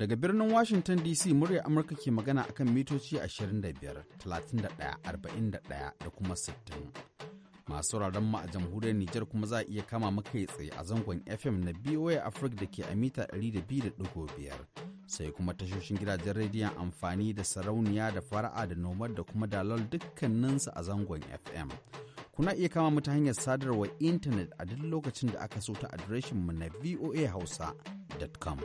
Daga birnin Washington DC murya Amurka ke magana akan mitoci 25, 31, 41 da kuma 60. Masu sauraron mu a jamhuriyar Nijar kuma za a iya kama makai tsaye a zangon FM na BOA Africa da ke a mita 200.5 sai kuma tashoshin gidajen rediyon amfani da sarauniya da fara'a da nomad da kuma dalol dukkaninsu a zangon FM. Kuna iya kama mu ta hanyar sadarwar intanet a duk lokacin da aka so ta mu na voahausa.com.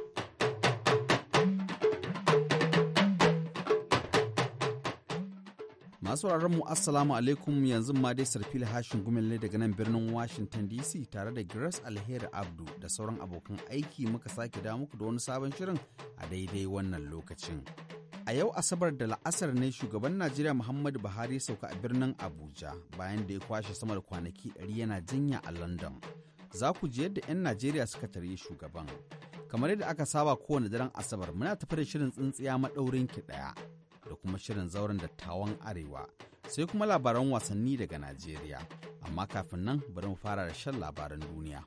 Masu mu Assalamu alaikum yanzu ma dai sarfil hashin gumelle daga nan birnin Washington DC tare da Grace Alheri Abdu da sauran abokan aiki muka sake da muku da wani sabon shirin a daidai wannan lokacin. A yau Asabar da la'asar ne shugaban Najeriya Muhammadu Buhari sauka a birnin Abuja bayan da ya kwashe sama da kwanaki 100 yana jinya a London. Za ku je yadda 'yan Najeriya suka tarye shugaban. Kamar yadda aka saba kowane daren Asabar muna tafi da shirin tsintsiya maɗaurin ki ɗaya. da kuma shirin zauren dattawan Arewa, sai kuma labaran wasanni daga Najeriya. Amma kafin nan bari mu fara da shan labaran duniya.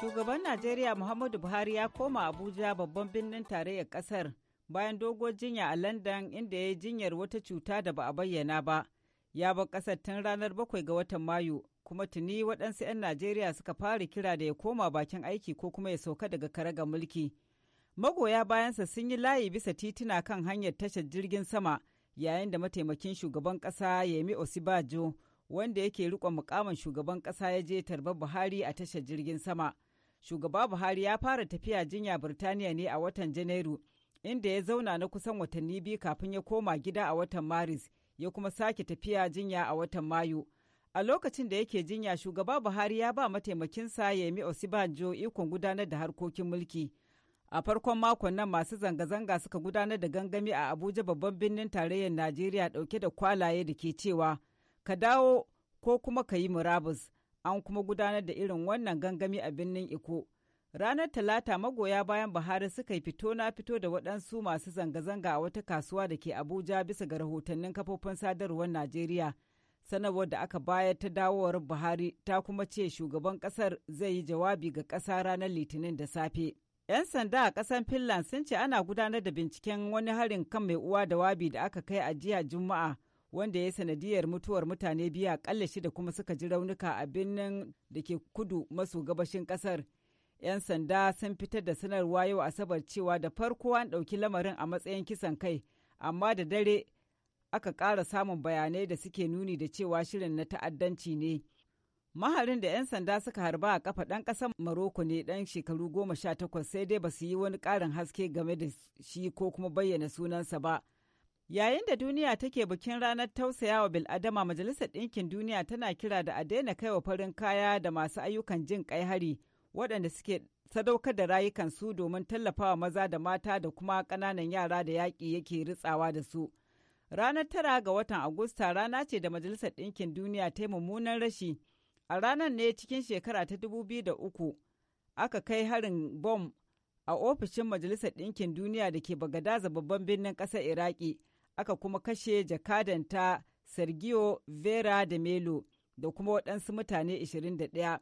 Shugaban Najeriya Muhammadu Buhari ya koma Abuja babban birnin tarayyar kasar bayan doguwar jinya a London inda ya yi jinyar wata cuta da ba a bayyana ba. ya bar ƙasar tun ranar bakwai ga watan Mayu kuma tuni waɗansu 'yan Najeriya suka fara kira da ya koma bakin aiki ko kuma ya sauka daga karagar mulki. Magoya bayansa sun yi layi bisa tituna kan hanyar tashar jirgin sama yayin da mataimakin shugaban ƙasa Yemi Osibajo wanda yake riƙon mukamin shugaban ƙasa ya je tarbar Buhari a tashar jirgin sama. Shugaba Buhari ya fara tafiya jinya Birtaniya ne a watan Janairu inda ya zauna na kusan watanni biyu kafin ya koma gida a watan Maris ya kuma sake tafiya jinya a watan Mayu. A lokacin da yake jinya shugaba Buhari ya ba mataimakin sa mataimakinsa Yemi Osibanjo ikon gudanar da harkokin mulki. A farkon makon nan masu zanga-zanga suka gudanar da gangami a Abuja babban birnin tarayyar Najeriya dauke da kwalaye da ke cewa ka dawo ko kuma ka yi murabus. An kuma gudanar da irin wannan gangami a birnin Iko. Ranar Talata magoya bayan Buhari suka yi fito na fito da waɗansu masu zanga-zanga a wata kasuwa da ke Abuja bisa ga rahotannin kafofin sadarwar Najeriya. sanarwar da aka bayar ta dawowar buhari ta kuma ce shugaban kasar zai yi jawabi ga ƙasa ranar litinin da safe 'yan sanda a kasan finland sun ce ana gudanar da binciken wani harin kan mai uwa da wabi da aka kai a jiya juma'a wanda ya yi sanadiyar mutuwar mutane biyu akalla shida kuma suka ji raunuka a birnin da ke kudu maso gabashin kasar 'yan sanda sun fitar da sanarwa yau asabar cewa da farko an ɗauki lamarin a matsayin kisan kai amma da dare aka ƙara samun bayanai da suke nuni da cewa shirin na ta'addanci ne. Maharin da 'yan sanda suka harba a kafa ɗan ƙasar Maroko ne ɗan shekaru goma sha takwas sai dai ba su yi wani ƙarin haske game da shi ko kuma bayyana sunansa ba. Yayin da duniya take bikin ranar tausayawa bil'adama Majalisar Ɗinkin Duniya tana kira da a daina kai wa farin kaya da masu ayyukan jin kai hari waɗanda suke sadaukar da rayukansu domin tallafawa maza da mata da kuma ƙananan yara da yaƙi yake ritsawa da su. Ranar tara ga watan Agusta rana ce da Majalisar Ɗinkin Duniya ta yi mummunan rashi. A ranar ne cikin shekara ta dubu biyu da uku aka kai harin bom a ofishin Majalisar Ɗinkin Duniya da ke Bagadaza babban birnin ƙasar Iraki aka kuma kashe jakadanta Sergio Vera da Melo da kuma waɗansu mutane 21.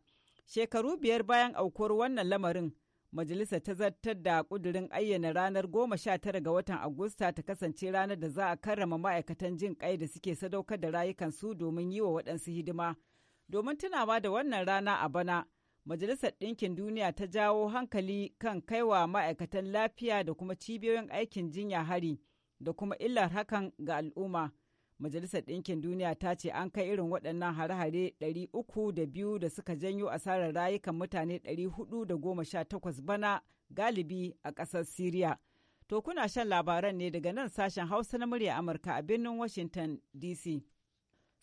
Shekaru biyar bayan aukuwar wannan lamarin, Majalisa ta zartar da ƙudurin ayyana ranar 19 ga watan Agusta ta kasance ranar da za a karrama ma'aikatan jin kai da suke sadaukar da rayukansu domin yi wa waɗansu hidima. Domin tunawa da wannan rana a bana, Majalisar Ɗinkin Duniya ta jawo hankali kan kaiwa ma'aikatan lafiya da kuma cibiyoyin aikin jinya hari da kuma illar hakan ga al'umma. Majalisar Ɗinkin Duniya ta ce an kai irin waɗannan hare-hare 302 da suka janyo asarar rayukan mutane 418 bana galibi a ƙasar Siriya. To kuna shan labaran ne daga nan sashen Hausa na murya Amurka a birnin Washington DC.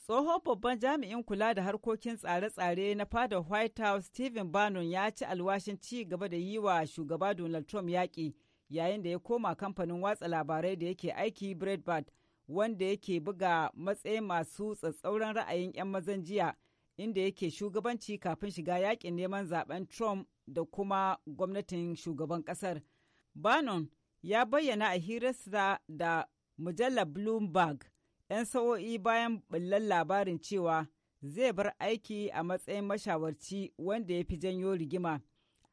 Tsohon babban jami'in kula da harkokin tsare-tsare na fadar White House Stephen Bannon ya ci alwashin ci gaba da yi wa shugaba Donald Trump yaƙi yayin da ya koma kamfanin watsa labarai da yake aiki Breitbart. wanda yake buga matsayin masu tsatsauran ra'ayin 'yan mazan jiya inda yake shugabanci kafin shiga yakin neman zaben Trump da kuma gwamnatin shugaban kasar. Bannon ya bayyana a hirarsa da mujallar Bloomberg 'yan sa'o'i bayan bullar labarin cewa zai bar aiki a matsayin mashawarci wanda ya fi janyo rigima.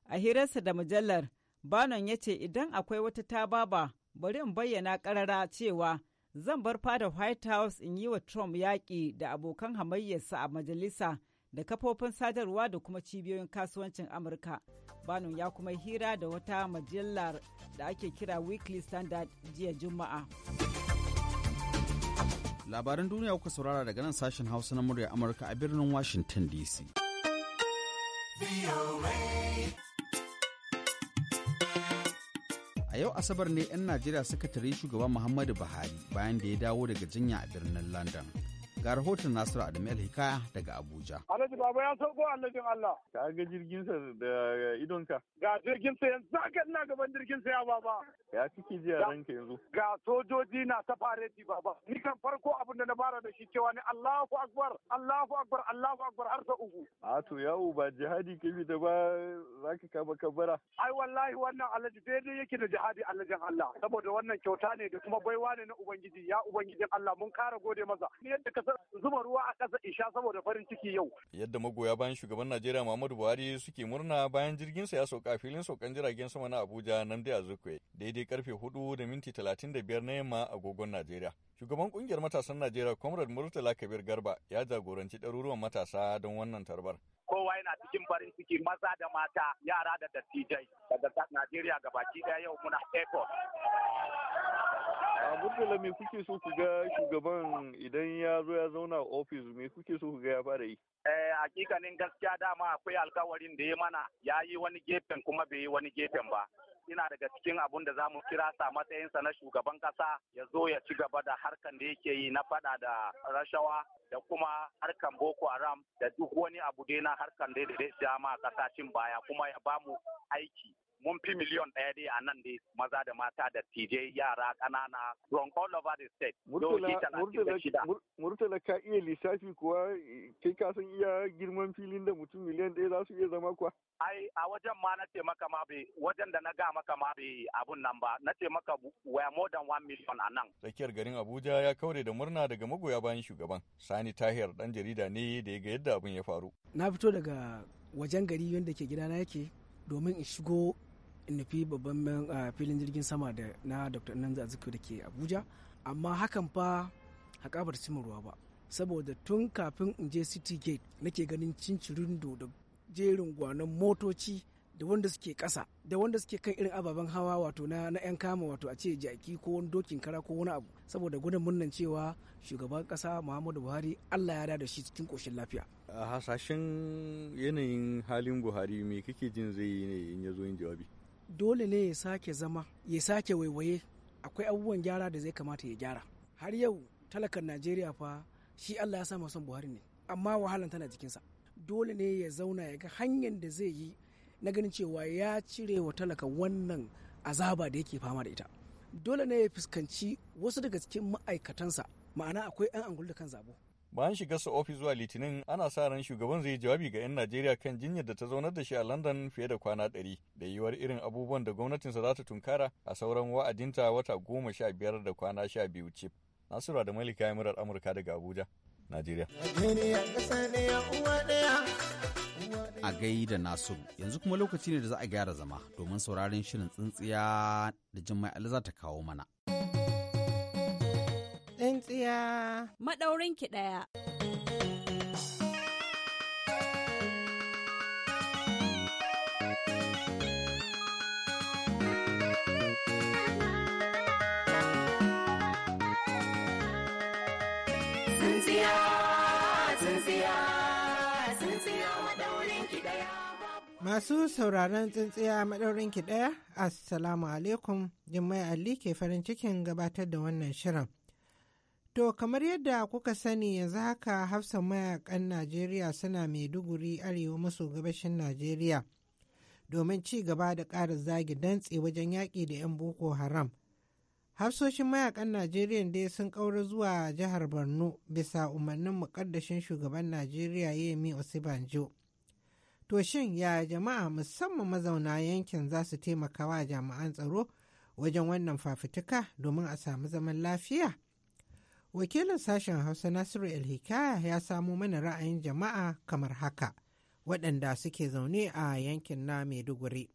A hirarsa da mujallar, Bannon ya ce idan akwai wata tababa bari in bayyana ƙarara cewa zan bar fada white house in yi wa trump yaƙi da abokan hamayyarsa a majalisa da kafofin sadarwa da kuma cibiyoyin kasuwancin amurka banon ya kuma hira da wata majalar da ake kira weekly standard jiya juma'a labaran duniya kuka saurara daga nan sashen hausa na murya amurka a birnin washington dc yau Asabar ne 'yan Najeriya suka tare shugaban Muhammadu Buhari bayan da ya dawo daga jinya a birnin London. Ga rahoton Nasiru Adamu Hikaya daga Abuja. Alhaji Baba ya sauko Alhajin Allah. Ka ga jirginsa da idonka. Ga jirginsa yanzu haka ina gaban jirginsa ya baba. Ya ciki jiya ranka yanzu. Ga sojoji na ta ji baba. Ni kan farko abin da na fara da shi cewa ni Allahu Akbar, Allahu Akbar, Allahu Akbar har sa uku. A to yawo ba jihadi bi da ba za ka kama kabara. Ai wallahi wannan Alhaji daidai yake da jihadi Alhajin Allah. Saboda wannan kyauta ne da kuma baiwa ne na Ubangiji. Ya Ubangijin Allah mun kara gode masa. Ni yadda ka zuba ruwa a ƙasa in sha saboda farin ciki yau. Yadda magoya bayan shugaban Najeriya Muhammadu Buhari suke murna bayan jirgin sa ya sauka filin saukan jiragen sama na Abuja nan da Azukwe daidai karfe hudu da minti talatin na yamma agogon Najeriya. Shugaban kungiyar matasan Najeriya Comrade Murtala Kabir Garba ya jagoranci ɗaruruwan matasa don wannan tarbar. kowa yana cikin farin ciki maza da mata yara da dattijai daga Najeriya gabaki daya yau muna airport a murtala me kuke so ku ga shugaban idan ya zo ya zauna a ofis me kuke so ku ga ya fara yi eh hakikanin gaskiya dama akwai alkawarin da ya mana ya yi wani gefen kuma bai yi wani gefen ba ina daga cikin abun da za mu kira sa matsayinsa na shugaban kasa ya zo ya ci gaba da harkan da yake yi na fada da rashawa da kuma harkan boko haram da duk wani abu dai na harkan da ya dama kasashen baya kuma ya bamu aiki mun fi miliyon ɗaya dai a nan dai maza da mata da tije yara ƙanana from all over the state. Murtala ka iya lissafi kuwa kai ka san iya girman filin da mutum miliyan ɗaya za su iya zama kuwa. ai a wajen ma na ce maka ma bai wajen da na ga maka ma bai abun nan ba na ce maka waya more than one million a nan tsakiyar garin Abuja ya kaure da murna daga magoya bayan shugaban Sani Tahir ɗan jarida ne da ya ga yadda abun ya faru na fito daga wajen gari wanda ke gidana yake domin in shigo nufi babban a ah, filin jirgin sama da na dr nanza azikiwe da ke abuja amma hakan fa haƙabar ba ruwa ba saboda tun kafin in je city gate nake ganin do da jerin gwanon motoci da wanda suke ƙasa da wanda suke kan irin ababen hawa wato na yan kama wato a ce jaki ko wani dokin kara ko wani abu saboda gudun murnan cewa shugaban kasa muhammadu buhari allah ya da shi cikin koshin lafiya a hasashen yanayin halin buhari me kake jin zai yi ne in ya zo yin jawabi dole ne ya sake zama ya sake waiwaye akwai abubuwan gyara da zai kamata ya gyara har yau talakan najeriya fa shi allah ya samu son buhari ne amma wahalan tana jikinsa dole ne ya zauna ya ga hanyar da zai yi na ganin cewa ya cire wa talaka wannan azaba da yake fama da ita dole ne ya fuskanci wasu daga cikin ma'aikatansa ma'ana akwai 'yan angulu da kan zabo bayan shiga su ofis zuwa litinin ana sa ran shugaban zai jawabi ga 'yan najeriya kan jinyar da ta zaunar da shi a london fiye da kwana 100 da yiwuwar irin abubuwan da gwamnatinsa za ta tunkara a sauran wa'adinta wata goma sha biyar da kwana sha biyu ce nasura da malika ya murar amurka daga abuja najeriya a gai da nasiru yanzu kuma lokaci ne da za a gyara zama domin sauraron shirin tsintsiya da jimai za ta kawo mana. lafiya. ki ɗaya. maɗaurin ki ɗaya. Masu sauraron tsintsiya maɗaurin ki ɗaya, Assalamu alaikum, Jummai Ali ke farin cikin gabatar da wannan shirin. To kamar yadda kuka sani yanzu haka hafsan mayakan Najeriya suna Maiduguri arewa maso gabashin Najeriya domin ci gaba da ƙara zagi dantse wajen yaƙi da 'yan Boko Haram. Hafsoshin mayakan Najeriya dai sun ƙaura zuwa jihar Borno bisa umarnin muƙaddashin shugaban Najeriya Yemi Osibanjo. To shin ya jama'a musamman mazauna yankin za su taimaka wa jami'an tsaro wajen wannan fafutuka domin a samu zaman lafiya? Wakilin sashen Hausa Nasiru hikaya ya samo mana ra'ayin jama'a kamar haka waɗanda suke zaune a yankin na Maiduguri.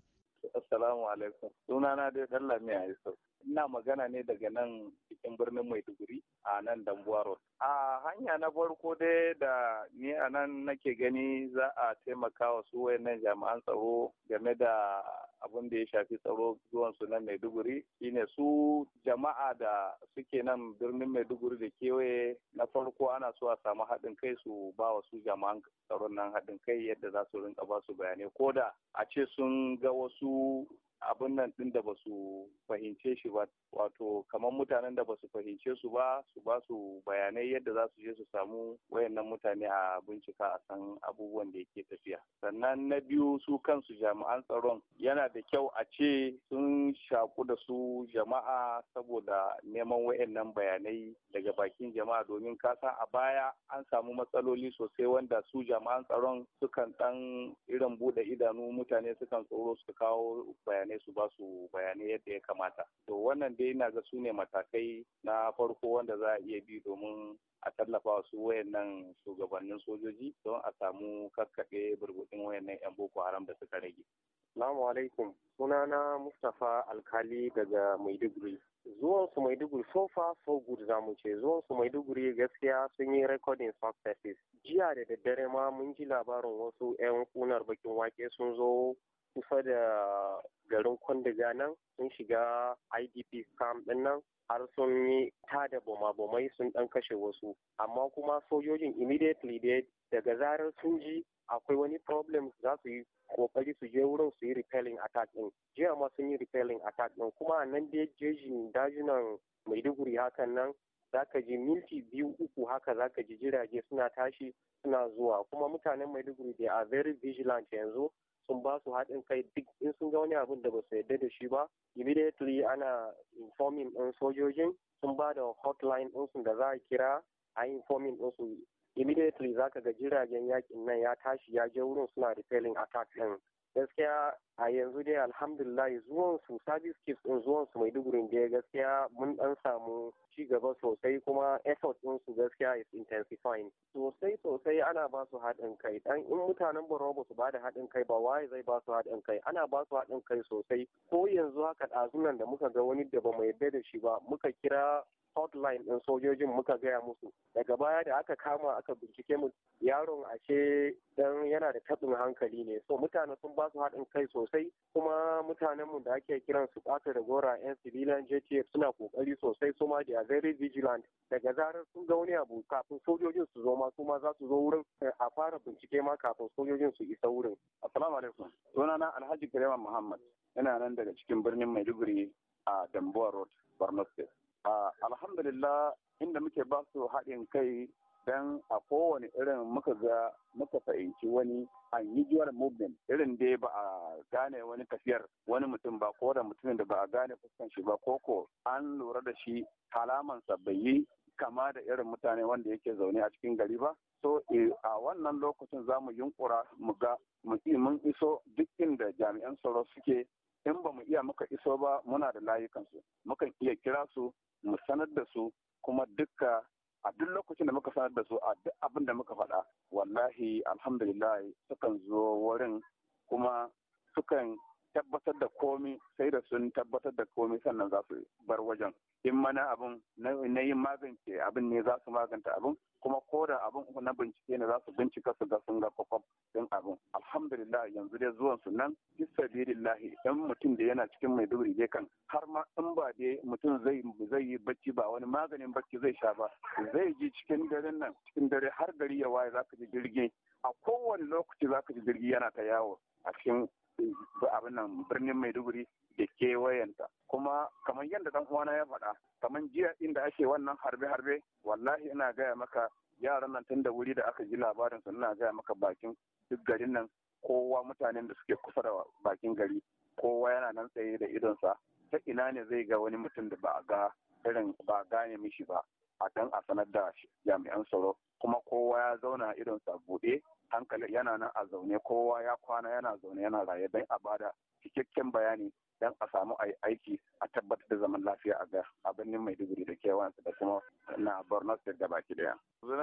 Assalamu alaikum. Sunana dai Dallami Aisau. Ina magana ne daga nan cikin birnin Maiduguri a nan Dambuwa Road. A hanya na farko dai da ni a nan nake gani za a taimaka wa su wayannan jami'an tsaro game da abin da ya shafi tsaro zuwan su nan Maiduguri shine su jama'a da suke nan birnin Maiduguri da kewaye na farko ana so a samu haɗin kai su ba wa su jama'an tsaron nan haɗin kai yadda za su rinka ba su bayanai ko da a ce sun ga wasu abin nan din da ba su fahimce shi ba wato kamar mutanen da ba su fahimce su ba su ba su bayanai yadda za su je su samu wayannan mutane a bincika a san abubuwan da yake tafiya sannan na biyu su kansu jami'an tsaron yana da kyau a ce sun shaku da su jama'a saboda neman wayannan bayanai daga bakin jama'a domin kasa a baya an samu matsaloli sosai wanda su jami'an tsaron sukan dan irin bude idanu mutane sukan tsoro su kawo bayanai mutane su ba su bayanai yadda ya kamata to wannan dai na ga su ne matakai na farko wanda za a iya bi domin a tallafa su wayannan shugabannin sojoji don a samu kakkaɓe burbuɗin wayannan 'yan boko haram da suka rage. Salamu alaikum sunana Mustapha Alkali daga Maiduguri. Zuwan su Maiduguri so far so good za mu ce zuwan su Maiduguri gaskiya sun yi recording successes. Jiya da daddare ma mun ji labarin wasu 'yan kunar bakin wake sun zo kusa da garin kwandiga nan sun shiga idp camp din nan har sun yi ta da boma-bomai sun dan kashe wasu amma kuma sojojin immediately dai daga zarar sun ji akwai wani problem za su yi kokari su je wurin su yi repelling attack din jiya ma sun yi repelling attack din kuma nan dai jejin dajunan maiduguri hakan nan zaka ji minti biyu uku haka zaka ji jirage suna tashi suna zuwa kuma mutanen maiduguri they are very vigilant yanzu sun ba su haɗin kai duk in sun ga wani abin da ba su yarda da shi ba immediately ana informing ɗin sojojin sun ba da hotline ɗinsu da za a kira a informing ɗinsu immediately za ka ga jiragen yakin nan ya tashi ya je wurin suna repelling attack ɗin gaskiya a yanzu dai alhamdulillah zuwan su service kids din zuwan su dugurin da gaskiya mun dan samu ci gaba sosai kuma effort din su gaskiya is intensifying sosai sosai ana ba su haɗin kai dan in mutanen Borno ba su ba da haɗin kai ba waye zai ba su haɗin kai ana ba su haɗin kai sosai ko yanzu haka ɗazunan da muka ga wani da ba mu yarda da shi ba muka kira hotline din sojojin muka gaya musu daga baya da aka kama aka bincike mu yaron ashe dan yana da taɓin hankali ne so mutane sun ba su haɗin kai sosai sosai kuma mutanen mu da ake kiran su ɓata da gora 'yan civilian JTF suna kokari sosai su ma da very vigilant daga zarar sun ga wani abu kafin sojojin su zo ma su ma za su zo wurin eh, a fara bincike ma kafin sojojin su isa wurin. Assalamu alaikum. Sunana Alhaji Garema Muhammad. Ina nan daga cikin birnin Maiduguri a Dambuwa Road, Borno State. Ah, alhamdulillah inda muke ba su haɗin kai don a kowane irin muka ga muka fahimci wani unusual movement irin da ba a gane wani tafiyar wani mutum ba ko da mutumin da ba a gane fuskan shi ba ko an lura da shi halaman bai yi kama da irin mutane wanda yake zaune a cikin gari ba so eh, a wannan lokacin za mu yunkura mu ga mun iso duk inda jami'an tsaro suke in ba mu iya muka iso ba muna da layukansu mukan iya kira su mu sanar da su kuma duka. a duk lokacin da muka sanar da su a duk abin da muka faɗa wallahi alhamdulillah sukan zo wurin kuma sukan tabbatar da komi sai da sun tabbatar da komi sannan za su bar wajen in mana abin na yin magance abin ne za su maganta abin kuma ko da abin na bincike ne za su bincika su ga sun ga kwakwam din abin alhamdulillah yanzu dai zuwan su nan bisabilillahi Yan mutum da yana cikin maiduguri dai kan har ma in ba dai mutum zai zai yi bacci ba wani maganin bacci zai sha ba zai ji cikin daren nan cikin dare har gari ya waye za ka ji jirgi a kowane lokaci za ka ji jirgi yana ta yawo a cikin abin nan birnin maiduguri da kewayen kuma kamar yadda dan uwana ya faɗa kamar jiya inda ake wannan harbe-harbe wallahi ina gaya maka yaran nan tun da wuri da aka ji labarin su ina gaya maka bakin duk garin nan kowa mutanen da suke kusa da bakin gari kowa yana nan tsaye da idonsa ta ina ne zai ga wani mutum da ba a ga irin ba gane mishi ba a dan a sanar da jami'an tsaro kuma kowa ya zauna idonsa buɗe hankali yana nan a zaune kowa ya kwana yana zaune yana raye don a bada cikakken bayani don a samu aiki a tabbatar da zaman lafiya a ga a birnin maiduguri da kewansa da kuma na borno state da baki daya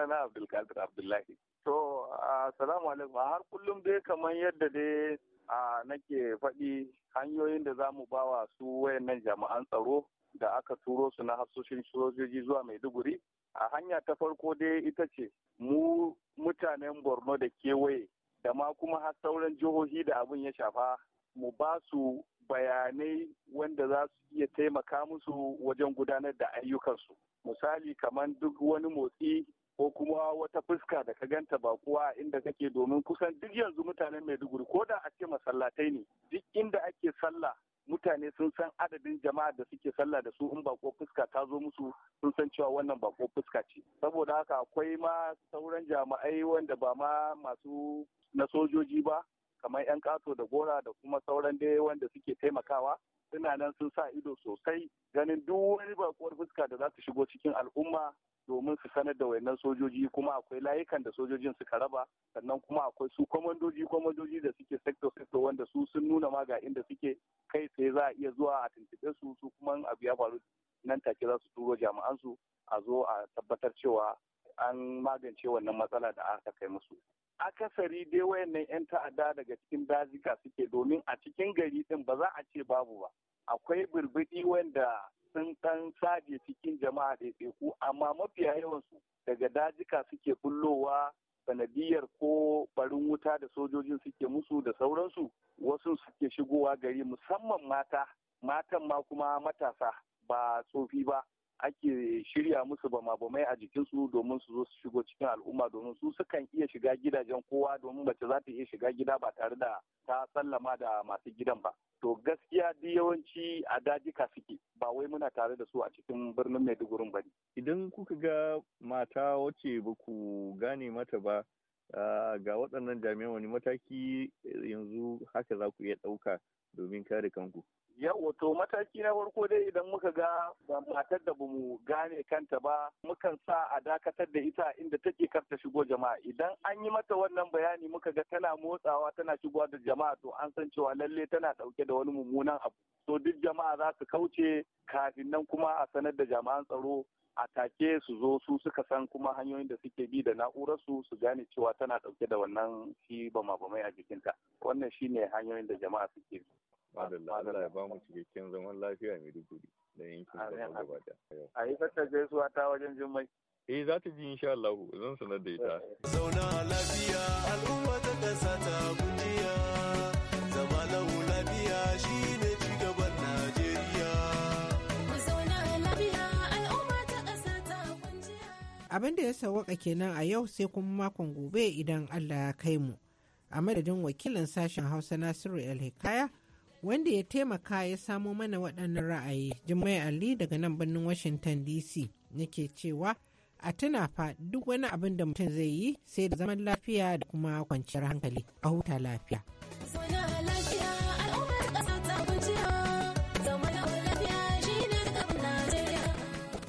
na abdulkadir abdullahi to assalamu alaikum har kullum dai kamar yadda dai a nake faɗi hanyoyin da za mu bawa su wayannan jami'an tsaro da aka turo su na hasoshin sojoji zuwa maiduguri a hanya ta farko dai ita ce mu mutanen borno da kewaye da ma kuma har sauran jihohi da abin ya shafa mu ba su bayanai wanda za su iya taimaka musu wajen gudanar da ayyukansu misali kamar duk wani motsi ko kuma wata fuska da ka ganta ba kuwa inda kake domin kusan duk yanzu mutanen maiduguri ko da a ce masallatai ne duk inda ake sallah mutane sun san adadin jama'a da suke sallah da su in bako fuska ta zo musu sun san cewa wannan bako fuska ce saboda haka akwai ma sauran jama'ai wanda ba ma masu na sojoji ba kamar 'yan kato da gora da kuma sauran dai wanda suke taimakawa suna nan sun sa ido sosai ganin duk wani bakuwar fuska da za su shigo cikin al'umma domin su sanar da wayannan sojoji kuma akwai layukan da sojojin suka raba sannan kuma akwai su kwamandoji kwamandoji da suke sector sector wanda su sun nuna ma ga inda suke kai sai za a iya zuwa a tuntuɓe su su kuma abu ya faru nan take za su turo jami'an su a zo a tabbatar cewa an magance wannan matsala da aka kai musu akasari dai wayannan 'yan ta'adda daga cikin dazika suke domin a cikin gari din ba za a ce babu ba akwai birbidi wanda sun san saje cikin jama'a da ku amma mafiya yawansu daga dazika suke bullowa sanadiyar ko barin wuta da sojojin suke musu da sauransu wasu suke shigowa gari musamman mata matan ma kuma matasa ba tsofi ba ake shirya musu bama-bamai a jikinsu domin su zo su shigo cikin al'umma domin su sukan iya shiga gidajen kowa domin mace za ta iya shiga gida ba tare da ta sallama da masu gidan ba. To gaskiya duk yawanci a dajika suke ba wai muna tare da su a cikin birnin Maiduguri ba Idan kuka ga mata wacce ba ku gane mata ba ga waɗannan jami'an wani mataki yanzu haka za ku iya ɗauka domin kare kanku. Yau wato mataki na farko dai idan muka ga matar da bamu gane kanta ba mukan sa a dakatar da ita inda take karta shigo jama'a idan an yi mata wannan bayani muka ga tana motsawa tana shigowa da jama'a to an san cewa lalle tana dauke da wani mummunan abu to duk jama'a za su kauce kafin nan kuma a sanar da jama'an tsaro a take su zo su suka san kuma hanyoyin da suke bi da na'urar su su gane cewa tana dauke da wannan shi bama bamai a jikinta wannan shine hanyoyin da jama'a suke bi Madalla Allah ya ba mu cikakken zaman lafiya mai duguri da yankin da gaba da yau. A yi fata gaisuwa ta wajen jummai. Eh za ta ji insha Allah zan sanar da ita. Zauna lafiya al'umma ta kasa ta gujiya. Zama lahu lafiya shine ci gaban Najeriya. Abin da ya sawaka kenan a yau sai kuma makon gobe idan Allah ya kai mu. A madadin wakilin sashen Hausa Nasiru El Hikaya, wanda ya taimaka ya samo mana waɗannan ra'ayi jimai ali daga nan birnin washington dc nake cewa a tuna fa duk wani abin da mutum zai yi sai da zaman lafiya da kuma kwanciyar hankali a huta lafiya.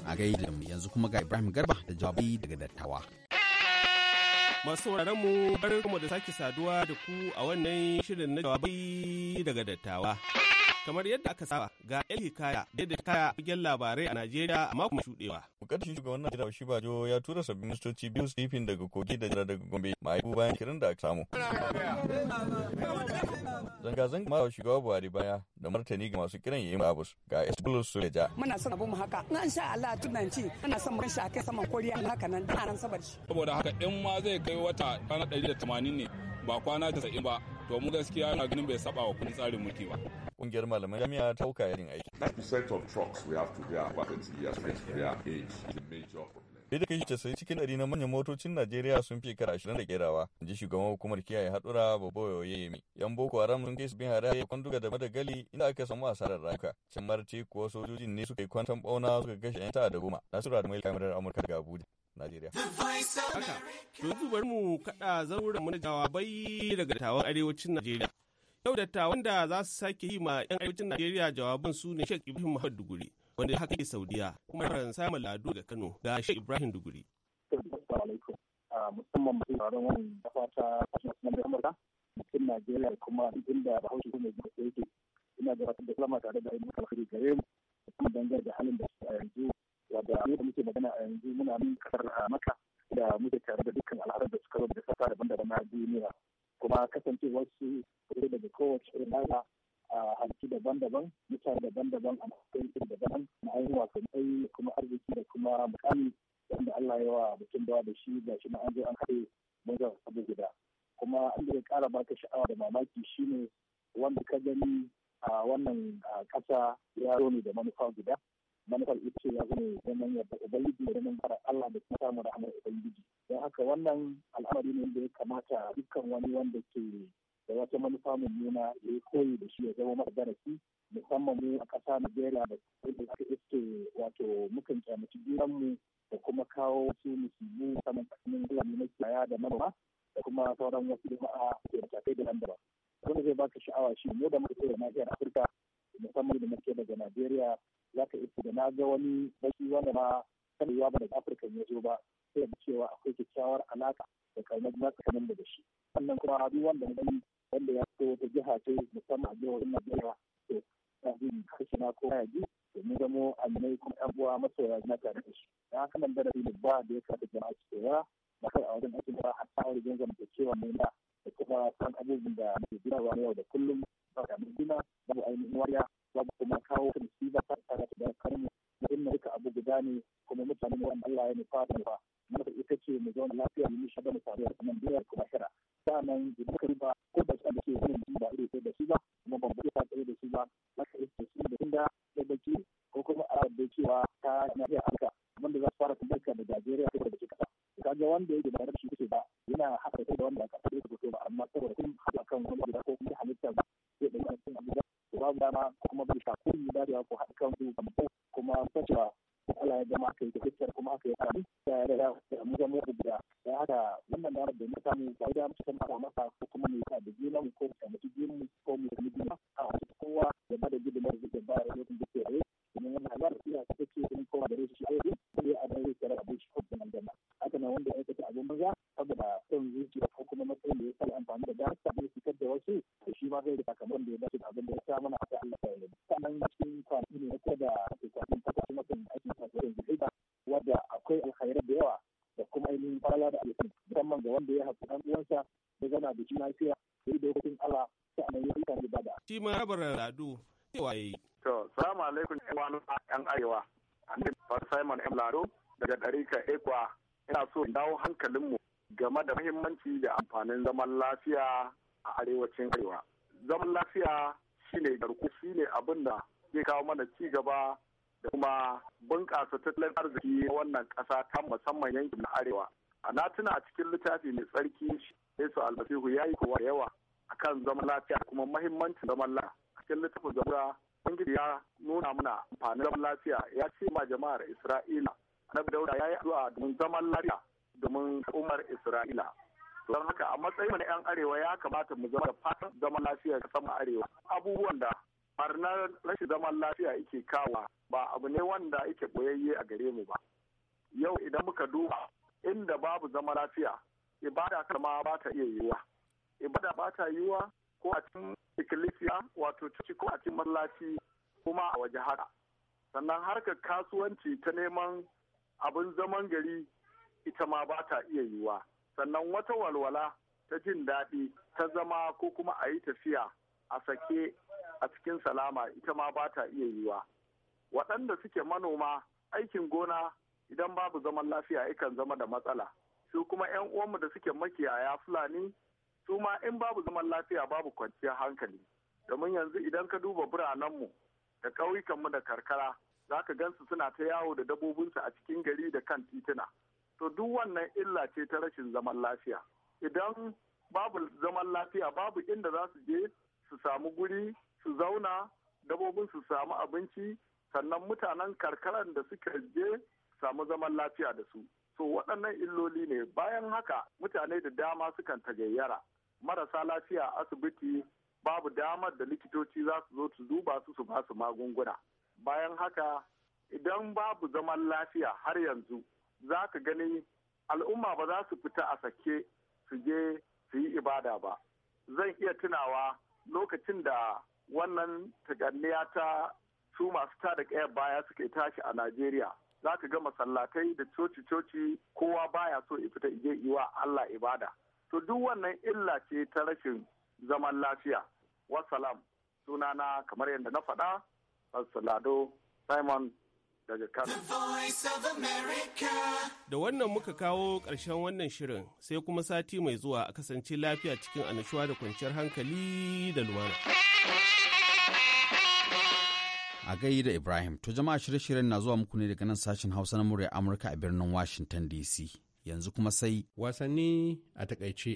A gaida yanzu kuma ga Ibrahim Garba da jawabi daga dattawa. Masu mu bar kuma da sake saduwa da ku a wannan shirin na jawabai daga dattawa. kamar yadda aka saba ga El Hikaya da ta fagen labarai a Najeriya a makon shudewa. Bukatar shugaban a shi Bajo ya tura sabbin ministoci biyu Stephen daga Kogi da Jira daga Gombe ma'aiku bayan kirin da aka samu. Zanga-zanga mara shugaba Buhari baya da martani ga masu kiran yayin abus ga Esbulus Suleja. Muna son abun haka in an sha Allah tunanci ana son mun sha kai saman koriya haka nan da ran sabar shi. Saboda haka in ma zai kai wata da 180 ne ba kwana 90 ba to mu gaskiya na ganin bai saba wa kudin tsarin mulki ba. Kungiyar malaman jami'a ta hauka yajin aiki. 90% kai trucks we have today are da cikin ɗari na manyan motocin Najeriya sun fi kara ashirin da kerawa, in ji shugaban hukumar kiyaye haɗura Baboyo Yemi. Yan Boko Haram sun kai su bin hare ya kwanduga da madagali inda aka samu asarar rayuka. Can marti kuwa sojojin ne suka yi kwantan ɓauna suka kashe 'yan ta'adda goma. Nasiru Adamu kamarar Amurka daga Abuja. Najeriya. Haka, to yanzu bari mu kaɗa zauren manajawa bai daga dattawan arewacin Najeriya. Yau dattawan da za su sake yi ma 'yan arewacin Najeriya jawaban su ne Sheikh Ibrahim Muhammad Duguri, wanda ya haka yi Saudiya, kuma Ran Samun Lado da Kano ga Sheikh Ibrahim Duguri. Ah, musamman masu taron wani dafa ta kashin Amurka, mutum Najeriya kuma inda Bahaushe ne da yake ina da wata diploma tare da ainihin alheri gare mu kuma dangar da halin da su a yanzu wadda mu da muke magana a yanzu muna nan kasar maka da muke tare da dukkan al'adar da suka zo da sassa daban-daban na duniya kuma kasancewar su tsoro daga kowace rana a hanci daban-daban mutane daban-daban a matsayin daban na ainihin ai kuma arziki da kuma mukami wanda Allah ya wa mutum dawa da shi ga shi na an zo an kare wajen abu guda kuma an da kara baka sha'awa da mamaki shine wanda ka gani a wannan kasa ya zo ne da manufa guda manufar ita ce ya zo ne zaman yadda ubangiji da zaman fara Allah da kuma samun rahmar ubangiji don haka wannan al'amari ne da ya kamata dukkan wani wanda ke da wata manufa mummuna ya yi koyi da shi ya zama masa darasi musamman mu a ƙasa Najeriya da inda aka iske wato mukan kyamaci mu da kuma kawo wasu musulmi saman tsakanin gulami na kiyaya da manoma da kuma sauran wasu jama'a da nan daban daban. Wanda zai baka sha'awa shi mu da muka da nahiyar Afirka musamman da muke daga Najeriya za ka iske da na ga wani baki wanda ba karewa ba daga Afirka ya zo ba sai da cewa akwai kyakkyawar alaka da kaunar da tsakanin da shi. Sannan kuma duk wanda na gani. wanda ya fito wata jiha ce musamman a jihohin Najeriya to kafin kashi na ko ya ji to mu zamo annai kuma yan uwa masoya na tare da shi dan haka nan da ne ba da ya kafa jama'a su koya ba kai a wajen aikin ba hatta a wajen zamantakewa ne na da kuma san abubuwan da ke ginawa yau da kullum ba da mun gina babu ainihin wariya Kwamrabar Lado cewa yi. To, salamu alaikum wani ‘yan arewa, ni Simon M. Lado daga ɗarika Ekwa, ina so in dawo hankalinmu game da muhimmanci da amfanin zaman lafiya a arewacin arewa. Zaman lafiya shine garku shine abin da ke kawo mana ci gaba da kuma bunƙasa tattalin arziki na wannan ƙasa ta musamman yankin na arewa. A na tuna a cikin littafi mai tsarki Yesu Almasihu ya yi kowa da yawa akan zaman lafiya kuma mahimmancin zaman lafiya cikin littafin zabura ubangiji ya nuna mana amfanin zaman lafiya ya ce ma jama'ar isra'ila annabi dauda ya yi addu'a domin zaman lafiya domin umar isra'ila don haka a matsayin na yan arewa ya kamata mu zama da fatan zaman lafiya ga sama arewa abubuwan da barnar rashin zaman lafiya yake kawa ba abu ne wanda yake boyayye a gare mu ba yau idan muka duba inda babu zaman lafiya ibada kama ba ta iya yiwuwa ibada ba ta yiwa ko a cikin ikkilisiya wato ciki ko a cikin masallaci kuma a waje haka sannan harkar kasuwanci ta neman abin zaman gari ita ma ba ta iya yiwa sannan wata walwala ta jin daɗi ta zama ko kuma a yi tafiya a sake a cikin salama ita ma ba ta iya yiwa waɗanda suke manoma aikin gona idan babu zaman lafiya ikan zama da matsala su kuma 'yan uwanmu da suke makiyaya fulani suma in babu zaman lafiya babu kwanciyar hankali domin yanzu idan ka duba biranenmu da ƙauyukanmu da karkara za ka gansu suna ta yawo da dabobinsu a cikin gari da kan tituna to duk wannan illa ce ta rashin zaman lafiya idan babu zaman lafiya babu inda za su je su samu guri su zauna dabobin su samu abinci sannan mutanen karkaran da suka je samu zaman lafiya da su to waɗannan illoli ne bayan haka mutane da dama sukan tagayyara marasa lafiya asibiti babu damar da likitoci za su zo su duba su su basu magunguna bayan haka idan babu zaman lafiya har yanzu za ka gani al'umma ba za su fita a sake su je su yi ibada ba zan iya tunawa lokacin da wannan taganniya ta su masu tada kayan baya suke tashi a najeriya za ka ga masallatai da coci-coci kowa baya so ya fita ije iwa allah ibada to duk wannan illa ce ta rashin zaman lafiya wasalam sunana kamar yadda na faɗa salado simon daga kano da wannan muka kawo ƙarshen wannan shirin sai kuma sati mai zuwa a kasance lafiya cikin annashuwa da kwanciyar hankali da lumana a gayi da ibrahim to jama'a shirye-shiryen na zuwa muku ne daga nan sashen hausa na murya amurka a birnin washington dc yanzu kuma sai wasanni a takaice.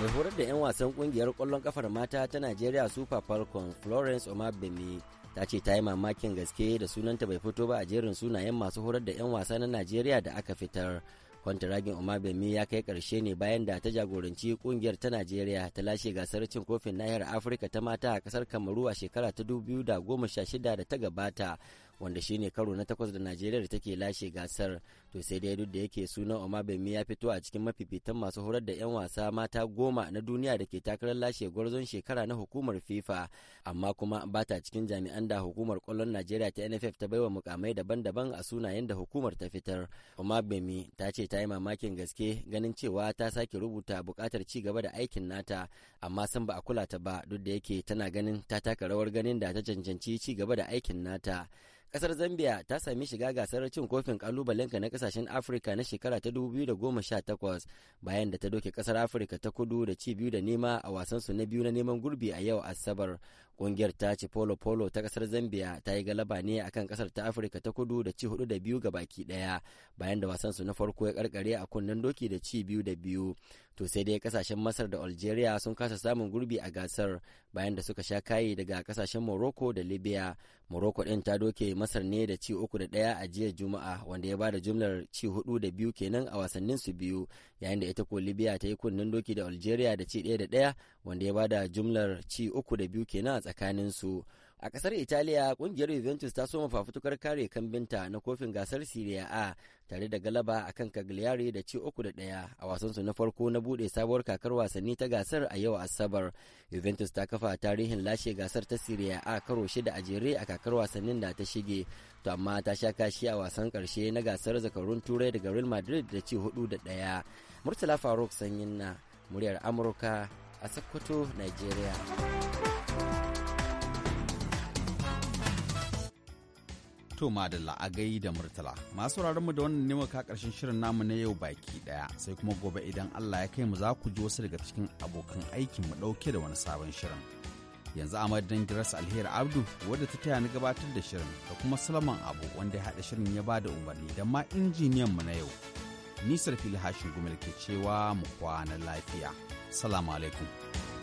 mai horar da 'yan wasan kungiyar kwallon kafar mata ta najeriya super falcon florence omabemi ta ce ta yi mamakin gaske da sunanta bai fito ba a jerin sunayen masu horar da 'yan wasa na najeriya da aka fitar kwantaragin omabemi ya kai karshe ne bayan da ta jagoranci kungiyar ta najeriya ta lashe gasar cin kofin nahiyar afirka ta mata a kasar kamaru a shekara ta 2016 da ta gabata wanda shine karo na takwas da najeriya da take lashe gasar to sai dai duk da yake sunan omabemi ya fito a cikin mafifitan masu horar da 'yan wasa mata goma na duniya da ke takarar lashe gwarzon shekara na hukumar fifa amma kuma ba ta cikin jami'an da hukumar kwallon najeriya ta nff ta baiwa mukamai daban-daban a sunayen da hukumar ta fitar omabemi ta ce ta yi mamakin gaske ganin cewa ta sake rubuta buƙatar ci gaba da aikin nata amma san ba a kula ta ba duk da yake tana ganin ta taka rawar ganin da ta cancanci ci gaba da aikin nata Kasar Zambia ta sami shiga gasar cin kofin kalubalenka na kasashen Afirka na shekara ta 2018 bayan da ta doke kasar Afirka ta kudu da ci biyu da nema a wasansu na biyu na neman gurbi a yau Asabar. Ƙungiyar ta ce Polo Polo ta kasar Zambia ta yi galaba ne akan kasar ta Afirka ta kudu da ci hudu da biyu ga baki daya bayan da wasan su na farko ya karkare a kunnen doki da ci biyu da biyu. To sai dai kasashen Masar da Algeria sun kasa samun gurbi a gasar bayan da suka sha kayi daga kasashen Morocco da Libya. Morocco din ta doke Masar ne da ci uku da daya a jiya Juma'a wanda ya bada jumlar ci hudu da biyu kenan a wasannin su biyu yayin da ita ko Libya ta yi kunnen doki da Algeria da ci daya da daya. wanda ya bada jumlar ci uku da biyu kenan a tsakanin su. a kasar italiya kungiyar juventus ta soma fafutukar kare kambinta na kofin gasar serie a tare da galaba akan kan cagliari da ci uku da daya a wasansu na farko na bude sabuwar kakar wasanni ta gasar a yau asabar juventus ta kafa tarihin lashe gasar ta serie a karo shida a jere a kakar wasannin da ta shige to amma ta sha kashi a wasan karshe na gasar zakarun turai daga real madrid da ci hudu da daya murtala faruk sanyin na muryar amurka a Sokoto, Nigeria. To madalla a gai da murtala masu mu da wannan neman ka karshen shirin namu na yau baki daya sai kuma gobe idan Allah ya kai mu za ku ji wasu daga cikin abokan aikin mu dauke da wani sabon shirin. Yanzu a madadin Giras Alheri Abdu wadda ta taya ni gabatar da shirin da kuma Salman Abu wanda ya haɗa shirin ya bada umarni da ma injiniyan mu na yau. nisar fili hashin gumel ke cewa mu kwana lafiya salamu alaikum